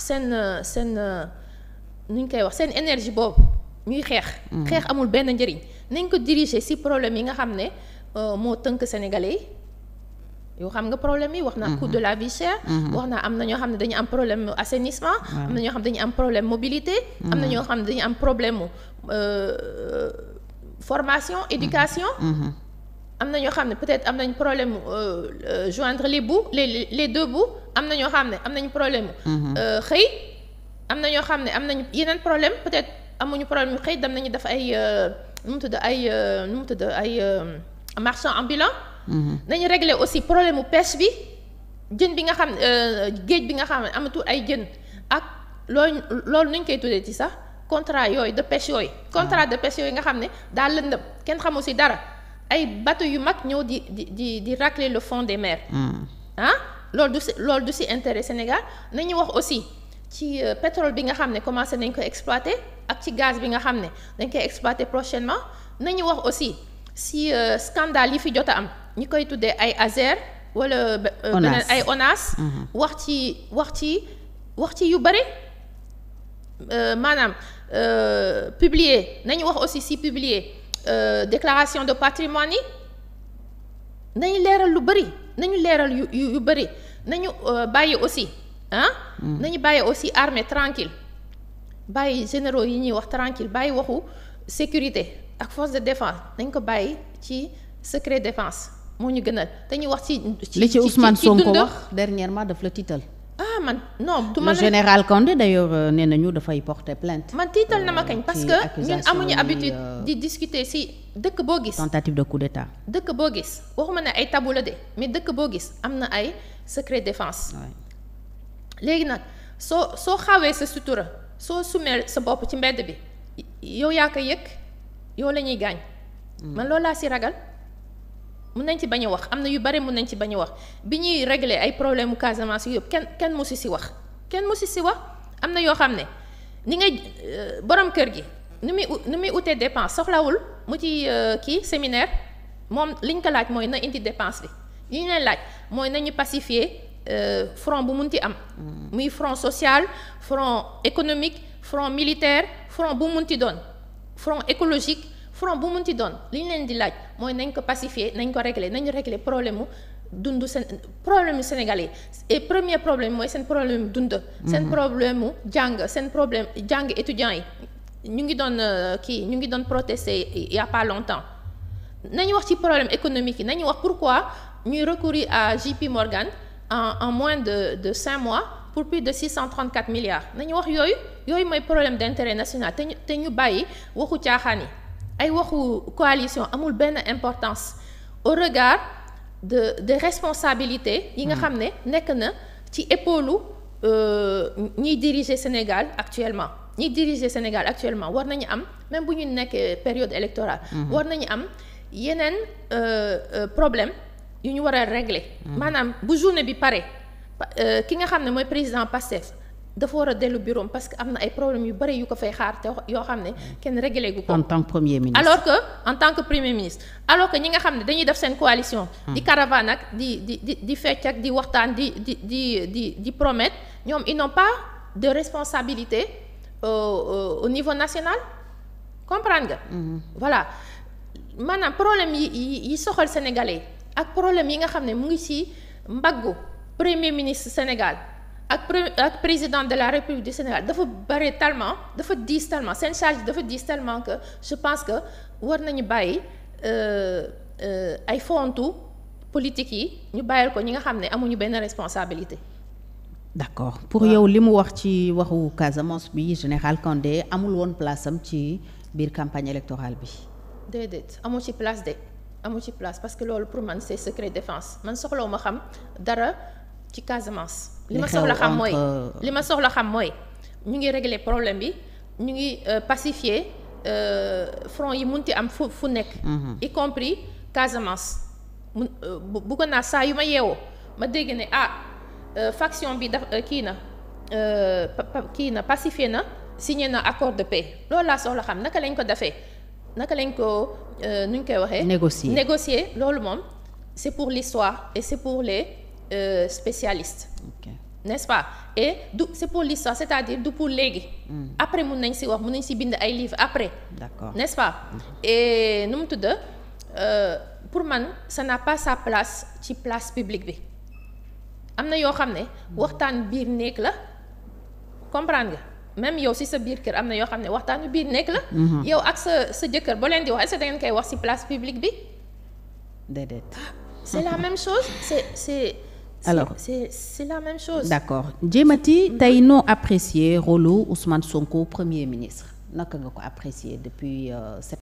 seen seen nu ñu koy wax seen énergie boobu ñuy xeex. Mm. xeex amul benn njëriñ nañ ko diriger ci problème yi nga xam ne euh, moo tënk sénégalais yi yoo xam nga problème yi wax naa coût mm-hmm. de la vie chère. Mm-hmm. wax naa am na ñoo xam ne dañu am problème assainissement. am na ñoo xam ne dañu am problème mobilité. am na mm-hmm. ñoo xam ne dañu am problème mu euh, formation éducation. am na ñoo xam ne peut-être am nañ problème euh, joindre les bouts les les deux bouts. am na ñoo xam ne am nañu problème mhm. euh, xëy am na ñoo xam ne am nañu yeneen problème peut-être amuñu problème xëy dem nañu def ay euh, nu mu tudd ay euh, nu mu tudd ay marchand ambulant mhm. nañu régler aussi problème mu pêche bi jën bi nga xam ne géej bi nga xam ne amatul ay jën ak loolu loolu nuñ koy tuddee ci sax contrat yooyu de pêche yooyu mhm. contrat de pêche yooyu nga xam ne daal lëndëm kenn xamul si dara ay bateau yu mag ñëw di di di di racler le fonds des mers ah loolu du si loolu du si intérêt Sénégal nañu wax aussi ci euh, pétrole bi nga xam ne commencé nañ ko exploiter ak ci gaz bi nga xam ne dañ koy exploiter prochainement nañu wax aussi si euh, scandale yi fi jot am ñi koy tuddee ay Azer wala euh, beneen ay ONAS mhm. wax ci wax ci wax ci yu bëri maanaam publier nañu wax aussi si publier déclaration de patrimoine yi nañu leeral lu bëri nañu leeral yu yu bëri nañu euh, bàyyi aussi ah hmm. nañu bàyyi aussi armée tranquille bàyyi généraux yi ñuy wax tranquille bàyyi waxu sécurité ak force de défense nañ ko bàyyi ci secret défense moo ñu gënal te ñu wax ci. ci ci ci dund li ci Ousmane Sonko wax dernièrement daf la tiital. ah man non. tu ma général Condé d'ailleurs euh, nee nañu dafay porter plainte. man tiital na ma kañ parce que euh, ñun amuñu habitude euh, di discuter si dëkk boo gis. tentative de coup d'état. dëkk boo gis waxuma ne ay tabu de mais dëkk boo gis am na ay secret défense. léegi nag soo soo xawee sa sutura soo sumee sa bopp ci mbedd bi yow yaa ko yëg yow la ñuy gaañ. Mm. man loolu laa si ragal. mun nañ ci bañ a wax am na yu bari mun nañ ci bañ a wax bi ñuy régler ay problème mu Casamance yëpp kenn kenn mosu si wax kenn mosu si wax am na yoo xam ne ni nga euh, borom kër gi nu muy nu muy utee dépense soxlawul mu ci euh, kii séminaire moom liñ ko laaj mooy na indi dépense bi li ñu leen laaj mooy nañu pacifier euh, front bu munti am mm. muy front social front économique front militaire front bu munti doon front écologique front bu munti doon li ñu leen di laaj mooy nañ ko pacifier nañ ko régler nañu régler problème mu dund seen problème sénégal sénégalais et premier problème mooy seen problème mu dund. seen mhm. problème mu jàng seen problème jàng étudiants yi ñu ngi doon euh, kii ñu ngi doon protester il y a pas longtemps nañu wax ci problème économique yi nañu wax pour pourquoi ñuy recourir à JP Morgan en en moins de de cinq mois. pour plus de 634 milliards nañu wax yooyu yooyu mooy problème d'intérêt national te ñu te ñu bàyyi waxu yi ay waxu coalition amul benn importance au regard de de responsabilité yi nga hmm. xam ne nekk na ci épaule euh, ñiy diriger Sénégal actuellement ñiy diriger Sénégal actuellement war nañu am même bu ñu nekkee période électorale hmm. war nañu am yeneen euh, euh, problème yu ñu war a régler hmm. maanaam bu journée bi pare ki nga xam ne mooy président Pastef dafa war a dellu bureau parce que am na ay problèmes yu bëri yu ko fay xaar te yoo xam ne kenn réglé gu ko. en tant que premier ministre alors que en tant que premier alors que ñi nga xam ne dañuy def seen coalition. Hmm. di caravane ak di di di di fecc ak di waxtaan di di di di di promettre ñoom ils n'ont pas de responsabilité au euh, euh, au niveau national comprendre nga. Hmm. voilà maanaam problème yi yi soxal sénégalais ak problème yi nga xam ne mu ngi ci mbaggu premier ministre Sénégal. ak ak président de la république de Sénégal dafa bare tellement dafa diis tellement seen charge dafa diis tellement que je pense que war nañu bàyyi euh, euh, ay fontu politique yi ñu bàyyil ko ñi nga xam ne amuñu benn responsabilité. d'accord pour yow li mu wax ci waxu Casamance bi général Kandé amul woon place am ci biir campagne électorale bi. déedéet amu ci place de amu ci place parce que loolu pour man c'est secret défense man soxlawu ma xam dara ci Casamance. li ma soxla xam mooy li ma soxla xam mooy ñu ngi régler problème bi ñu ngi euh, pacifier euh, front yi munti am fu fu nekk mhm. y compris Casamance mun euh, bu ko naa saa yu ma yeewoo ma dégg ne ah faction bi daf kii na kii na pacifier na signé na accord de paix loolu laa soxla xam naka lañ ko defee naka lañ ko nu koy waxee négocier loolu moom c'est pour l'histoire et c'est pour les euh, spécialiste. Okay. n'est-ce pas et du c'est pour l'histoire c'est-à-dire du pour léegi. Mm. après mun nañ si wax mun nañ si bind ay livres après. d'accord nest e pas. Mm-hmm. nu mu tudd euh, pour man ça n'a pas sa place ci place publique bi am na yoo xam ne mm. waxtaan biir néeg la comprendre nga. même yow si sa biir kër am na yoo xam ne waxtaanu biir nekk la. Mm-hmm. yow ak sa sa jëkkër boo leen di wax est-ce da ngeen koy wax ci place publique bi. c'est la même chose c'est alors c'est c'est la même chose. d'accord jéemati tey no apprécier rôle Ousmane Sonko premier ministre naka nga ko apprécier depuis euh,